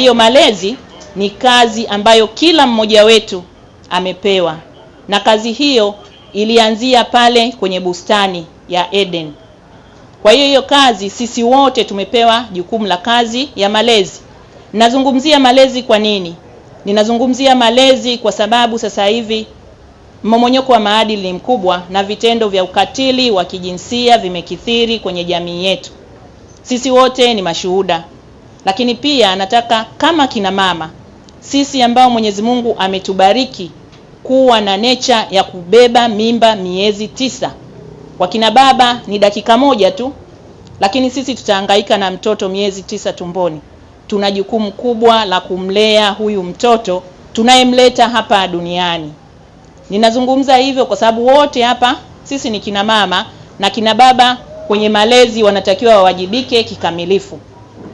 Hiyo malezi ni kazi ambayo kila mmoja wetu amepewa, na kazi hiyo ilianzia pale kwenye bustani ya Eden. Kwa hiyo hiyo kazi sisi wote tumepewa jukumu la kazi ya malezi. Nazungumzia malezi kwa nini? Ninazungumzia malezi kwa sababu sasa hivi mmomonyoko wa maadili ni mkubwa na vitendo vya ukatili wa kijinsia vimekithiri kwenye jamii yetu. Sisi wote ni mashuhuda. Lakini pia nataka kama kina mama sisi ambao Mwenyezi Mungu ametubariki kuwa na necha ya kubeba mimba miezi tisa, kina baba ni dakika moja tu, lakini sisi tutahangaika na mtoto miezi tisa tumboni. Tuna jukumu kubwa la kumlea huyu mtoto tunayemleta hapa duniani. Ninazungumza hivyo kwa sababu wote hapa sisi ni kina mama na kina baba, kwenye malezi wanatakiwa wawajibike kikamilifu.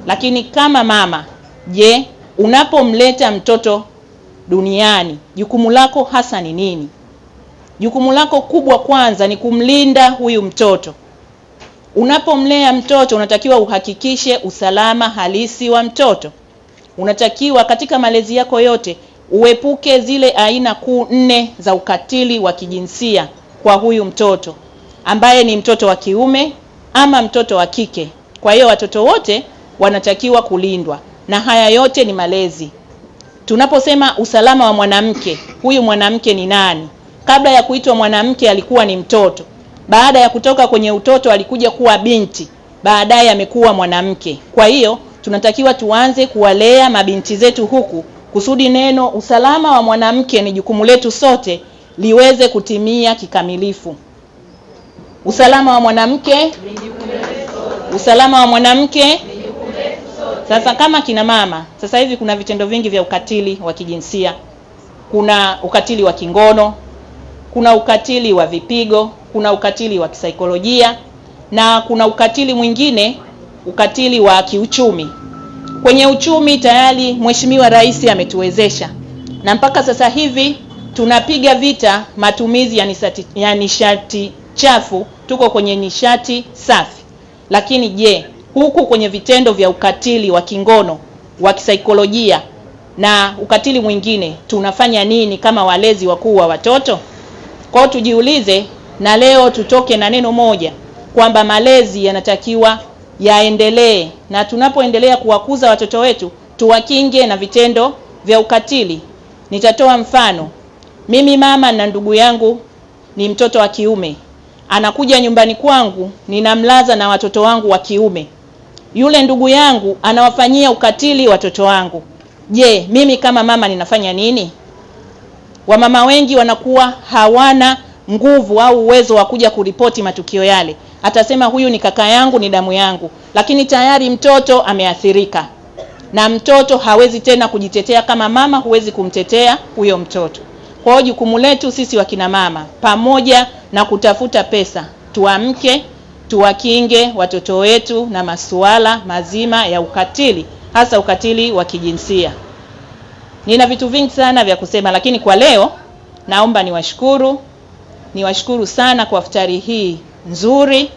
Lakini kama mama, je, unapomleta mtoto duniani jukumu lako hasa ni nini? Jukumu lako kubwa kwanza ni kumlinda huyu mtoto. Unapomlea mtoto unatakiwa uhakikishe usalama halisi wa mtoto. Unatakiwa katika malezi yako yote uepuke zile aina kuu nne za ukatili wa kijinsia kwa huyu mtoto ambaye ni mtoto wa kiume ama mtoto wa kike. Kwa hiyo watoto wote wanatakiwa kulindwa, na haya yote ni malezi. Tunaposema usalama wa mwanamke, huyu mwanamke ni nani? Kabla ya kuitwa mwanamke alikuwa ni mtoto, baada ya kutoka kwenye utoto alikuja kuwa binti, baadaye amekuwa mwanamke. Kwa hiyo tunatakiwa tuanze kuwalea mabinti zetu huku kusudi neno usalama wa mwanamke ni jukumu letu sote liweze kutimia kikamilifu. Usalama wa mwanamke, usalama wa mwanamke sasa kama kina mama, sasa hivi kuna vitendo vingi vya ukatili wa kijinsia, kuna ukatili wa kingono, kuna ukatili wa vipigo, kuna ukatili wa kisaikolojia na kuna ukatili mwingine, ukatili wa kiuchumi. Kwenye uchumi tayari Mheshimiwa Rais ametuwezesha na mpaka sasa hivi tunapiga vita matumizi ya nishati, ya nishati chafu, tuko kwenye nishati safi. Lakini je, huku kwenye vitendo vya ukatili wa kingono wa kisaikolojia na ukatili mwingine tunafanya nini kama walezi wakuu wa watoto? Kwa tujiulize, na leo tutoke na neno moja kwamba malezi yanatakiwa yaendelee, na tunapoendelea kuwakuza watoto wetu tuwakinge na vitendo vya ukatili. Nitatoa mfano. Mimi mama na ndugu yangu ni mtoto wa kiume, anakuja nyumbani kwangu, ninamlaza na watoto wangu wa kiume yule ndugu yangu anawafanyia ukatili watoto wangu, je, mimi kama mama ninafanya nini? Wamama wengi wanakuwa hawana nguvu au uwezo wa kuja kuripoti matukio yale. Atasema huyu ni kaka yangu, ni damu yangu, lakini tayari mtoto ameathirika, na mtoto hawezi tena kujitetea. Kama mama, huwezi kumtetea huyo mtoto. Kwa hiyo jukumu letu sisi wakina mama, pamoja na kutafuta pesa, tuamke tuwakinge watoto wetu na masuala mazima ya ukatili, hasa ukatili wa kijinsia. Nina vitu vingi sana vya kusema, lakini kwa leo naomba niwashukuru, niwashukuru sana kwa ftari hii nzuri,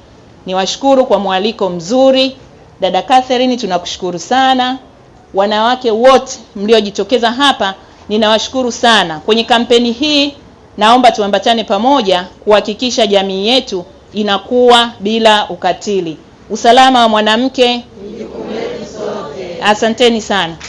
niwashukuru kwa mwaliko mzuri. Dada Catherine, tunakushukuru sana. Wanawake wote mliojitokeza hapa ninawashukuru sana. Kwenye kampeni hii naomba tuambatane pamoja kuhakikisha jamii yetu inakuwa bila ukatili. Usalama wa mwanamke ni jukumu letu sote. Asanteni sana.